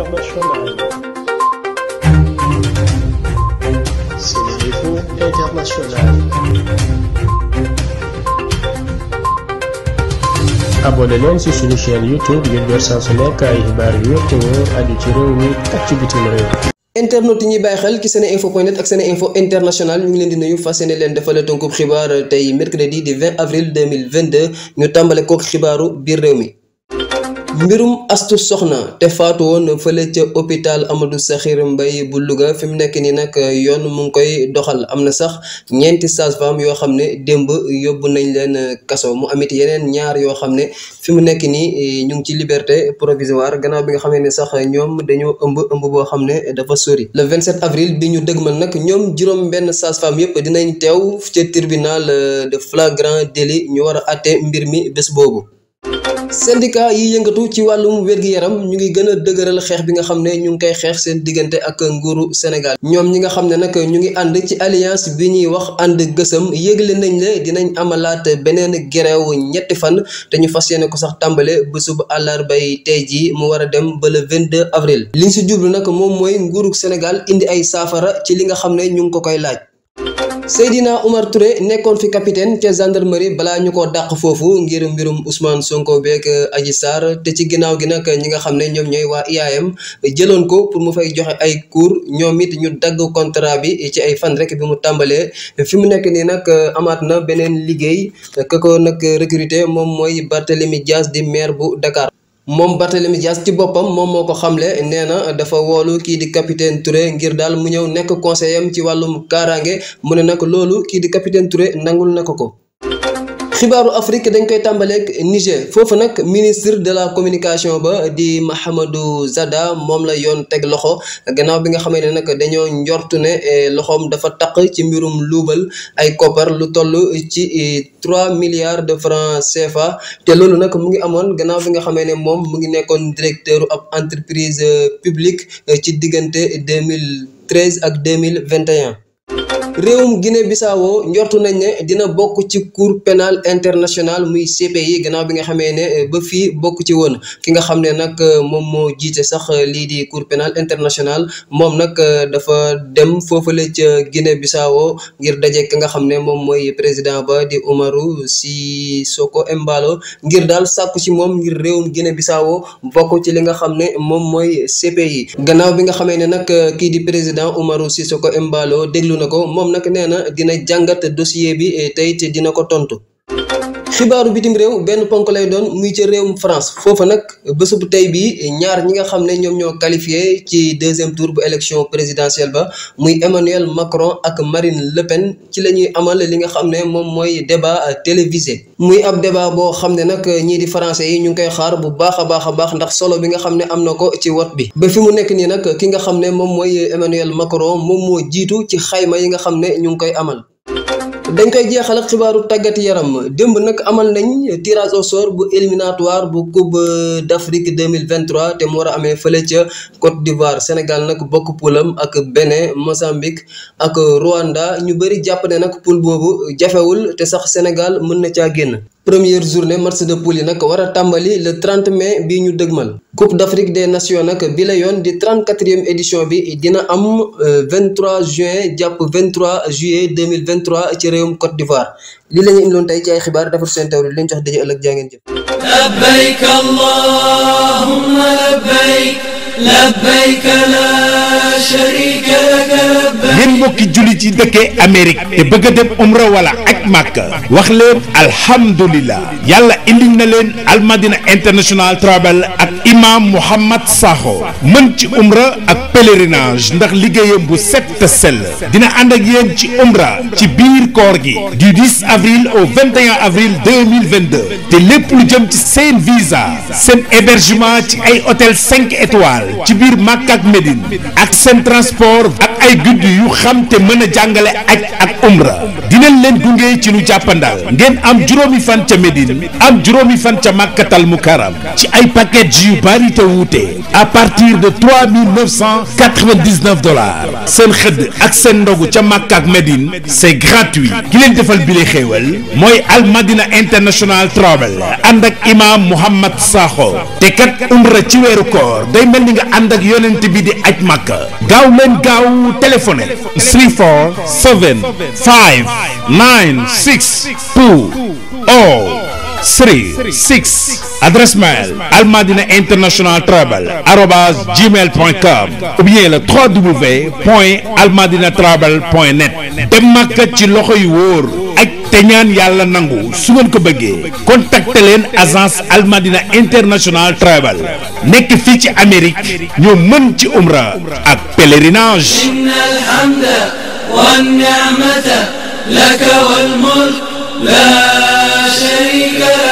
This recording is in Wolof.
internationale. C'est l'info internationale. abonné leen ci suñu chaîne YouTube ngir jot saa su nekk ay xibaar yu yëpp ci réew mi ak ci bitim réew. internet yi ñu ngi leen di nuyu fas yéene leen defal tënkub xibaar tey mercredi di 20 avril 2022 ñu tàmbale kook xibaaru biir réew mi. mbirum astu soxna te faatu woon fële ca hôpital Amadou Sakhir mbay bu Louga fi mu nekk nii nag yoon mu ngi koy doxal am na sax ñeenti sage-femme yoo xam ne démb yóbbu nañ leen kaso mu amit yeneen ñaar yoo xam ne fi mu nekk nii e, ñu ngi ci liberté provisoire gannaaw bi nga xamee ne sax ñoom dañoo ëmb ëmb boo xam ne dafa sori le 27 avril bi ñu dëgmal nag ñoom juróom benn sage-femme yëpp dinañ teew ca tribunal e, de flagrant délit ñu war a àtte mbir mi bés boobu syndicat yi yëngatu ci wàllum wér-gi-yaram ñu ngi gën a dëgëral xeex bi nga xam ne ñu ngi koy xeex seen diggante ak nguuru Sénégal ñoom ñi nga xam ne nag ñu ngi ànd ci alliance bi ñuy wax ànd gësëm yëgle nañ ne dinañ amalaat beneen grève ñetti fan te ñu fas yéene ko sax tàmbale bésub àllarbay tey jii mu war a dem ba le 22 avril liñ si jublu nag moom mooy nguurug Sénégal indi ay saafara ci li nga xam ne ñu ngi ko koy laaj Seydina Omar Touré nekkoon fi capitaine ca gendarmerie balaa ñu ko dàq foofu ngir mbirum Ousmane Sonko beeg euh, aji Sarr te ci ginnaaw gi nag ñi nga xam ne ñoom ñooy waa IAM jëloon ko pour mu fay joxe ay cours ñoom it ñu dagg contrat bi ci ay fan rek bi mu tàmbalee fi mu nekk nii nag euh, amaat na beneen liggéey euh, ka ko nag recruter moom mooy Barthélémy Dias di maire bu Dakar. moom Barthélemy Dias ci boppam moom moo ko xamle nee na dafa wolu kii di capitaine Touré ngir daal mu ñëw nekk conseiller am ci wàllum kaaraange mu ne nag loolu kii di capitaine Touré nangul na ko ko. xibaaru Afrique dañ koy tàmbaleeg Niger foofu nag ministre de la communication ba di Mahamadou Zada moom la yoon teg loxo gannaaw bi nga xamante ne nag dañoo njortu ne eh, loxoom dafa taq ci mbirum luubal ay koppar lu toll ci eh, trois milliards de francs CFA te loolu nag mu ngi amoon gannaaw bi nga xamee ne moom mu ngi nekkoon directeur ab entreprise eh, publique ci diggante deux mille treize ak deux mille vingt réewum Guinée Bissau njortu nañ ne dina bokk ci cour pénal international muy CPI gannaaw bi nga xamee ne ba fii bokk ci woon ki nga xam ne nag moom moo jiite sax lii di cour pénal international moom nag dafa dem foofale ca Guinée Bissau ngir daje ki nga xam ne moom mooy président ba di Umaru ko Embalo ngir daal sàkku ci moom ngir réewum Guinée Bissau bokk ci li nga xam ne moom mooy CPI gannaaw bi nga xamee ne nag kii di président Umaru Sissoco Embalo déglu na ko moom nak nee na dina jàngat dossier bi eh, tey it dina ko tontu. xibaaru bitim réew benn ponk lay doon muy ca réewum France foofa nag bés bu tey bii ñaar ñi nga xam ne ñoom ñoo qualifié ci deuxième tour bu élection présidentielle ba muy Emmanuel Macron ak Marine Le Pen ci la ñuy amal li nga xam ne moom mooy débat télévisé. muy ab débat boo xam ne nag ñii di français yi ñu ngi koy xaar bu baax a baax a baax ndax solo bi nga xam ne am na ko ci wat bi ba fi mu nekk nii nag ki nga xam ne moom mooy Emmanuel Macron moom moo jiitu ci xayma yi nga xam ne ñu ngi koy amal. dañ koy jeexal ak xibaaru tàggat yaram dëmb nag amal nañ tirage au bu éliminatoire bu coupe d' Afrique deux mille vingt trois te mu war amee fële ca Côte d'Ivoire Sénégal nag bokk pulam ak Bénin Mozambique ak Rwanda ñu bëri jàpp ne nag poul boobu jafewul te sax Sénégal mën na caa génn. première journée match de poule yi nag war a tàmbali le 30 mai bi ñu dëgmal coupe d'Afrique des nation nag bi la yoon di 34e édition bi dina am 23 euh, juin jàpp 23 juillet 2023 ci réewum Côte d'Ivoire li la ñu indiloon tey ci ay xibaar defar seen teewlu li ñu jox daje ëllëg jaa ngeen labbayk laa sharika lak labbayk yéen mbokki bëgg a dem umra wala ak Màkka wax leen alhamdulilah yàlla indil na leen almadina international travel ak imam Mouhamed Sakho mën ci umra ak pèlerinage ndax liggéeyam bu set te sell dina ànd ak yéen ci umra ci biir koor gi du 10 avril au 21 avril 2022 te lépp lu jëm ci seen visa seen hébergement ci ay hôtel 5 étoiles ci biir Màkka ak Médine ak seen transport ak ay gudd yu xam te mën a jàngale aj ak umra dinañ leen gunge ci lu jàppandal ngeen am juróomi fan ca Médine am juróomi fan ca Màkkatal Mukaram ci ay paquet yu bari te wuute à partir de 3999 dollars seen xëdd ak seen ndogu ca Makka ak Medine c'est ki leen defal bile xéewal mooy Al Madina International Travel ànd ak imaam Mouhamad Sakho te kat umra ci weeru koor day mel ni nga ànd ak yonent bi di ak Makka gaaw leen gaaw téléphoné 34 7 5 9 6 2 0 3 6 adresse mail international travel arobase gmail point com ou bien le 3w point almadina travel net dem Makka ci loxo yu wóor ak te ñaan yàlla nangu su ngeen ko bëggee contacter leen agence almadina international travel nekk fii ci Amérique ñoo mën ci umra ak pèlerinage laka wal mulk شريك له